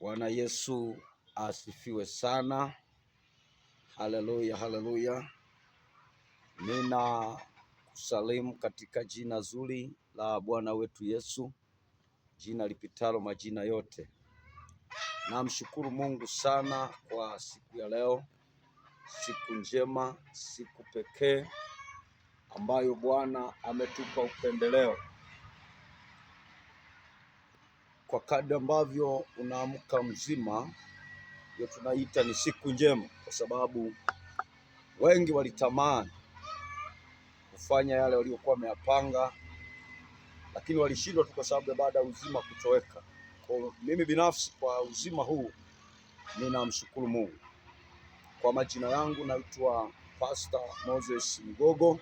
Bwana Yesu asifiwe sana. Haleluya, haleluya. Nina kusalimu katika jina zuri la Bwana wetu Yesu, jina lipitalo majina yote. Namshukuru Mungu sana kwa siku ya leo, siku njema, siku pekee ambayo Bwana ametupa upendeleo kwa kadri ambavyo unaamka mzima, ndio tunaita ni siku njema, kwa sababu wengi walitamani kufanya yale waliokuwa wameyapanga, lakini walishindwa tu kwa sababu ya baada ya uzima kutoweka. Kwa mimi binafsi, kwa uzima huu ninamshukuru Mungu. Kwa majina yangu naitwa Pastor Moses Mgogo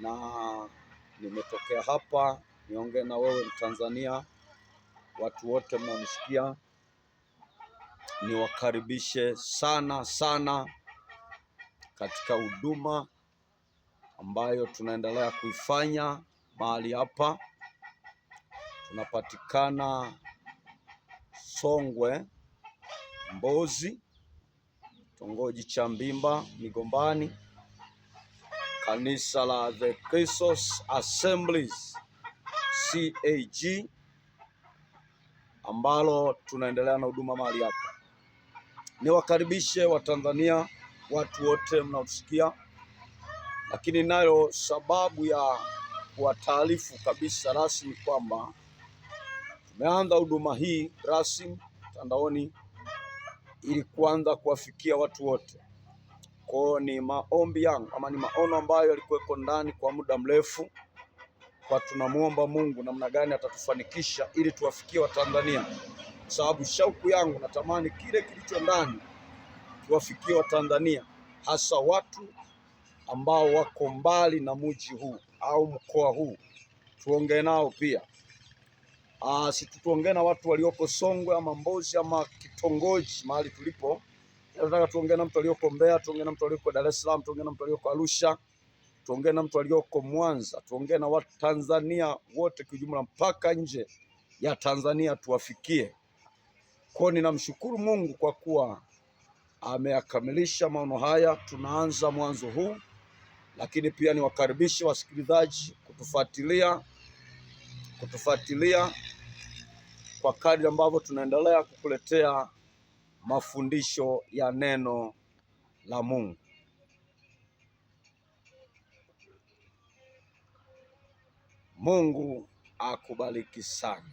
na nimetokea hapa niongee na wewe Mtanzania watu wote ni niwakaribishe sana sana katika huduma ambayo tunaendelea kuifanya mahali hapa. Tunapatikana Songwe Mbozi, kitongoji cha Mbimba Migombani, kanisa la The Christos Assemblies CAG ambalo tunaendelea na huduma mahali hapa. Niwakaribishe Watanzania, watu wote mnaosikia lakini nayo sababu ya kuwataarifu kabisa rasmi kwamba tumeanza huduma hii rasmi mtandaoni ili kuanza kuwafikia watu wote. Kwa ni maombi yangu ama ni maono ambayo yalikuweko ndani kwa muda mrefu kwa tunamwomba Mungu namna gani atatufanikisha ili tuwafikie Watanzania, kwa sababu shauku yangu natamani kile kilicho ndani tuwafikie Watanzania, hasa watu ambao wako mbali na mji huu au mkoa huu, tuongee nao pia. Ah, situtuongee na watu walioko Songwe ama Mbozi ama kitongoji mahali tulipo. Nataka tuongee na mtu alioko Mbeya, tuongee na mtu alioko Dar es Salaam, tuongee na mtu alioko Arusha tuongee na mtu aliyoko Mwanza, tuongee na watu Tanzania wote kiujumla, mpaka nje ya Tanzania tuwafikie. Kwa ninamshukuru Mungu kwa kuwa ameyakamilisha maono haya, tunaanza mwanzo huu, lakini pia niwakaribishe wasikilizaji kutufuatilia kutufuatilia kwa kadri ambavyo tunaendelea kukuletea mafundisho ya neno la Mungu. Mungu akubariki sana.